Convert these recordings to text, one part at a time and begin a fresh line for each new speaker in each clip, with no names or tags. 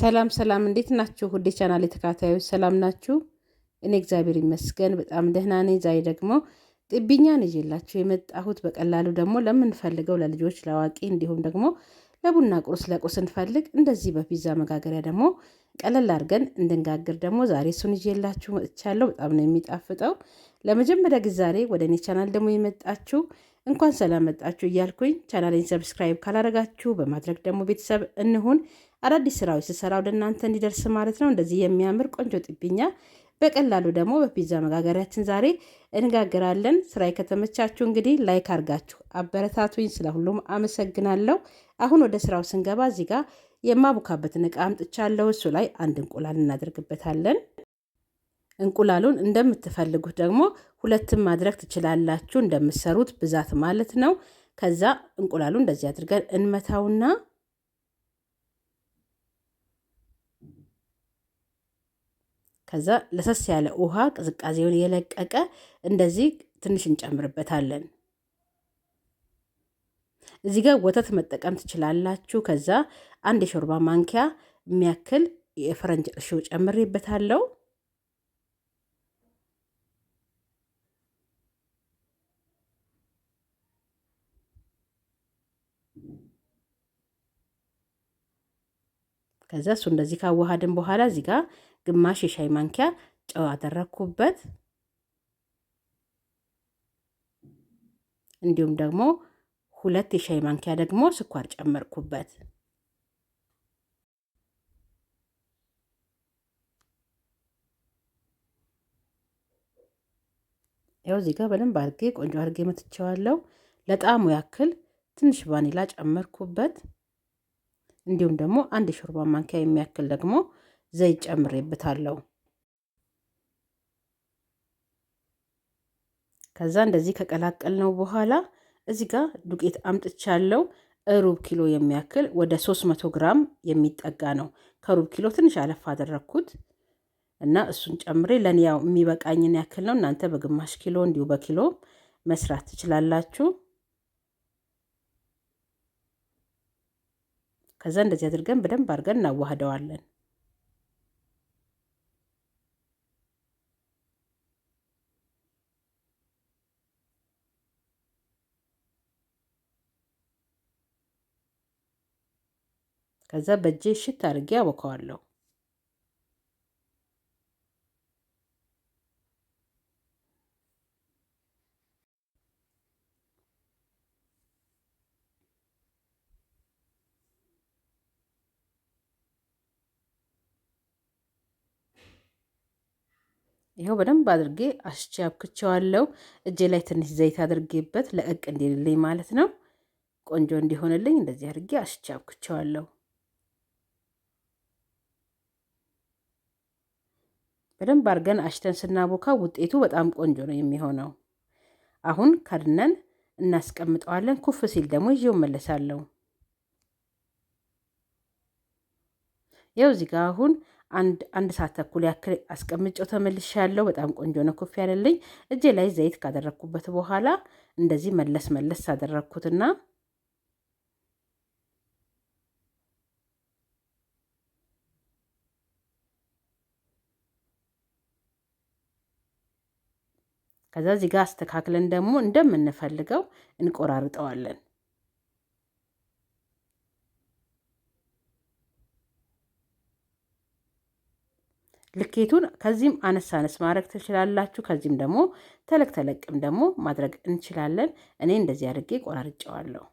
ሰላም ሰላም፣ እንዴት ናችሁ? ሁዴ ቻናል ተከታታዮች ሰላም ናችሁ? እኔ እግዚአብሔር ይመስገን በጣም ደህና ነኝ። ዛሬ ደግሞ ጥብኛን ይዤላችሁ የመጣሁት በቀላሉ ደግሞ ለምንፈልገው ለልጆች፣ ለአዋቂ እንዲሁም ደግሞ ለቡና ቁርስ ለቁርስ እንፈልግ እንደዚህ በፒዛ መጋገሪያ ደግሞ ቀለል አድርገን እንድንጋግር ደግሞ ዛሬ እሱን ይዤላችሁ መጥቻለሁ። በጣም ነው የሚጣፍጠው። ለመጀመሪያ ጊዜ ዛሬ ወደ እኔ ቻናል ደግሞ የመጣችሁ እንኳን ሰላም መጣችሁ እያልኩኝ ቻናሌን ሰብስክራይብ ካላደረጋችሁ በማድረግ ደግሞ ቤተሰብ እንሁን። አዳዲስ ስራዎች ስሰራ ወደ እናንተ እንዲደርስ ማለት ነው። እንደዚህ የሚያምር ቆንጆ ጥብኛ በቀላሉ ደግሞ በፒዛ መጋገሪያችን ዛሬ እንጋግራለን። ስራዬ ከተመቻችሁ እንግዲህ ላይክ አድርጋችሁ አበረታቱኝ። ስለ ሁሉም አመሰግናለሁ። አሁን ወደ ስራው ስንገባ እዚህ ጋር የማቡካበትን እቃ አምጥቻለሁ። እሱ ላይ አንድ እንቁላል እናደርግበታለን። እንቁላሉን እንደምትፈልጉት ደግሞ ሁለትም ማድረግ ትችላላችሁ፣ እንደምትሰሩት ብዛት ማለት ነው። ከዛ እንቁላሉ እንደዚህ አድርገን እንመታውና ከዛ ለሰስ ያለ ውሃ ቅዝቃዜውን የለቀቀ እንደዚህ ትንሽ እንጨምርበታለን። እዚህ ጋር ወተት መጠቀም ትችላላችሁ። ከዛ አንድ የሾርባ ማንኪያ የሚያክል የፈረንጅ እርሾ ጨምሬበታለሁ። ከዛ እሱ እንደዚህ ካዋሃድን በኋላ እዚህ ጋር ግማሽ የሻይ ማንኪያ ጨው አደረግኩበት። እንዲሁም ደግሞ ሁለት የሻይ ማንኪያ ደግሞ ስኳር ጨመርኩበት። ያው እዚህ ጋር በደንብ አድርጌ ቆንጆ አድርጌ መትቸዋለሁ። ለጣዕሙ ያክል ትንሽ ቫኒላ ጨመርኩበት። እንዲሁም ደግሞ አንድ የሾርባ ማንኪያ የሚያክል ደግሞ ዘይት ጨምሬበታለሁ። ከዛ እንደዚህ ከቀላቀልነው በኋላ እዚህ ጋር ዱቄት አምጥቻለሁ። ሩብ ኪሎ የሚያክል ወደ 300 ግራም የሚጠጋ ነው። ከሩብ ኪሎ ትንሽ አለፍ አደረግኩት እና እሱን ጨምሬ ለእኔ ያው የሚበቃኝን ያክል ነው። እናንተ በግማሽ ኪሎ እንዲሁ በኪሎ መስራት ትችላላችሁ። ከዛ እንደዚህ አድርገን በደንብ አድርገን እናዋህደዋለን። ከዛ በእጄ ሽት አድርጌ አቦከዋለሁ። ይኸው በደንብ አድርጌ አሽቼ አብክቸዋለሁ። እጄ ላይ ትንሽ ዘይት አድርጌበት ለእቅ እንዲልልኝ ማለት ነው። ቆንጆ እንዲሆንልኝ እንደዚህ አድርጌ አሽቼ አብክቸዋለሁ። በደንብ አድርገን አሽተን ስናቦካ ውጤቱ በጣም ቆንጆ ነው የሚሆነው። አሁን ከድነን እናስቀምጠዋለን። ኩፍ ሲል ደግሞ ይዤው መለሳለሁ። ያው እዚህ ጋር አሁን አንድ አንድ ሰዓት ተኩል ያክል አስቀምጨው አስቀምጬው ያለው በጣም ቆንጆ ነው ኩፍ ያለልኝ። እጄ ላይ ዘይት ካደረግኩበት በኋላ እንደዚህ መለስ መለስ አደረግኩትና ከዛ እዚህ ጋር አስተካክለን ደግሞ እንደምንፈልገው እንቆራርጠዋለን። ልኬቱን ከዚህም አነስ አነስ ማድረግ ትችላላችሁ። ከዚህም ደግሞ ተለቅ ተለቅም ደግሞ ማድረግ እንችላለን። እኔ እንደዚህ አድርጌ ቆራርጨዋለሁ።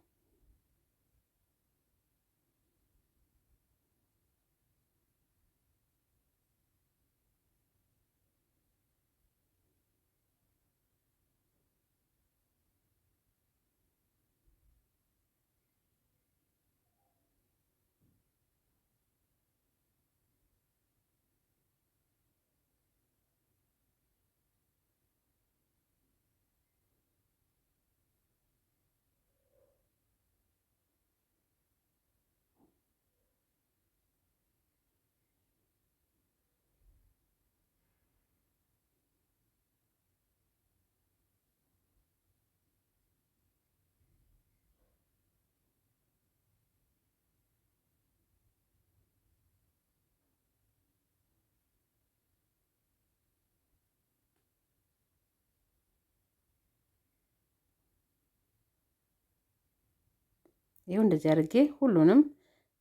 ይኸው እንደዚህ አድርጌ ሁሉንም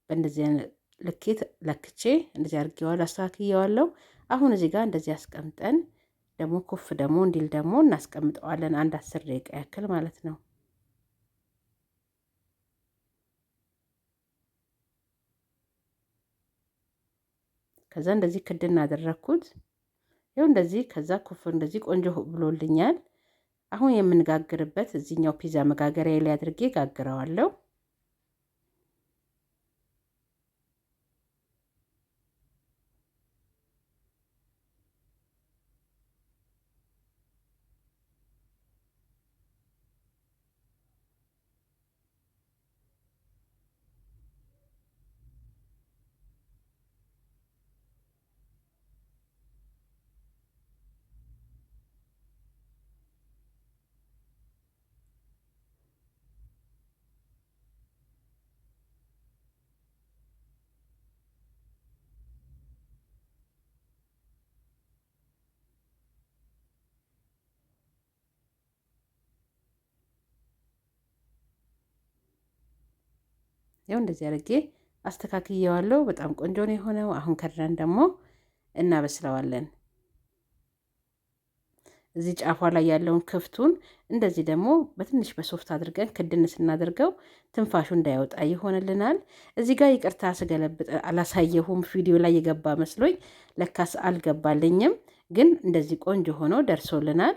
በእንደዚህ ልኬት ለክቼ እንደዚህ አድርጌዋለሁ፣ አስተካክዬዋለሁ። አሁን እዚህ ጋር እንደዚህ አስቀምጠን ደግሞ ኩፍ ደግሞ እንዲል ደግሞ እናስቀምጠዋለን አንድ አስር ደቂቃ ያክል ማለት ነው። ከዛ እንደዚህ ክድ እናደረግኩት ይኸው እንደዚህ ከዛ ኩፍ እንደዚህ ቆንጆ ብሎልኛል። አሁን የምንጋግርበት እዚህኛው ፒዛ መጋገሪያ ላይ አድርጌ ጋግረዋለሁ። ያው እንደዚህ አድርጌ አስተካክየዋለሁ። በጣም ቆንጆ ነው የሆነው። አሁን ከድረን ደግሞ እናበስለዋለን። እዚህ ጫፏ ላይ ያለውን ክፍቱን እንደዚህ ደግሞ በትንሽ በሶፍት አድርገን ክድን ስናደርገው ትንፋሹ እንዳይወጣ ይሆንልናል። እዚህ ጋር ይቅርታ ስገለብጥ አላሳየሁም፣ ቪዲዮ ላይ የገባ መስሎኝ ለካስ አልገባልኝም። ግን እንደዚህ ቆንጆ ሆኖ ደርሶልናል።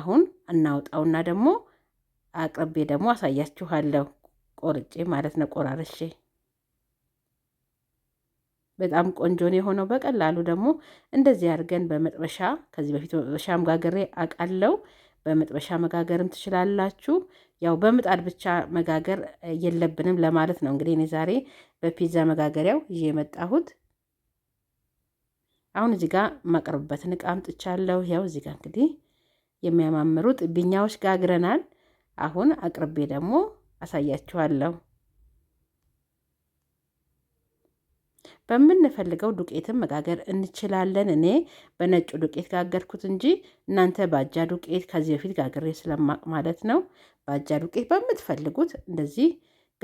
አሁን እናውጣውና ደግሞ አቅርቤ ደግሞ አሳያችኋለሁ። ቆርጬ ማለት ነው ቆራርሼ በጣም ቆንጆ ነው የሆነው። በቀላሉ ደግሞ እንደዚህ አድርገን በመጥበሻ ከዚህ በፊት በመጥበሻ መጋገሬ አቃለው። በመጥበሻ መጋገርም ትችላላችሁ። ያው በምጣድ ብቻ መጋገር የለብንም ለማለት ነው። እንግዲህ እኔ ዛሬ በፒዛ መጋገሪያው ይዤ የመጣሁት አሁን እዚህ ጋር ማቀርብበትን እቃ አምጥቻለሁ። ያው እዚህ ጋር እንግዲህ የሚያማምሩት ቢኛዎች ጋግረናል። አሁን አቅርቤ ደግሞ አሳያችኋለሁ። በምንፈልገው ዱቄትም መጋገር እንችላለን። እኔ በነጩ ዱቄት ጋገርኩት እንጂ እናንተ ባጃ ዱቄት ከዚህ በፊት ጋግሬ ስለማቅ ማለት ነው። ባጃ ዱቄት በምትፈልጉት እንደዚህ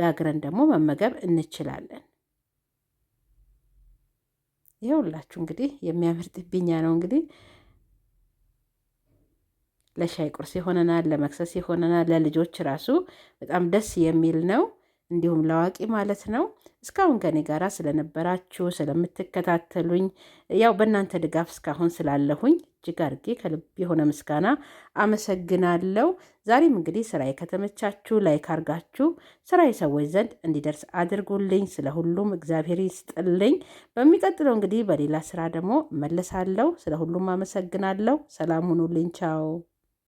ጋግረን ደግሞ መመገብ እንችላለን። ይኸውላችሁ እንግዲህ የሚያምር ጥብኛ ነው እንግዲህ ለሻይ ቁርስ ይሆነናል፣ ለመክሰስ ይሆነናል። ለልጆች ራሱ በጣም ደስ የሚል ነው። እንዲሁም ለአዋቂ ማለት ነው። እስካሁን ከኔ ጋራ ስለነበራችሁ ስለምትከታተሉኝ፣ ያው በእናንተ ድጋፍ እስካሁን ስላለሁኝ እጅግ አድርጌ ከልብ የሆነ ምስጋና አመሰግናለሁ። ዛሬም እንግዲህ ስራዬ ከተመቻችሁ ላይክ አርጋችሁ ስራ ሰዎች ዘንድ እንዲደርስ አድርጉልኝ። ስለ ሁሉም እግዚአብሔር ይስጥልኝ። በሚቀጥለው እንግዲህ በሌላ ስራ ደግሞ መለሳለሁ። ስለ ሁሉም አመሰግናለሁ። ሰላም ሁኑልኝ። ቻው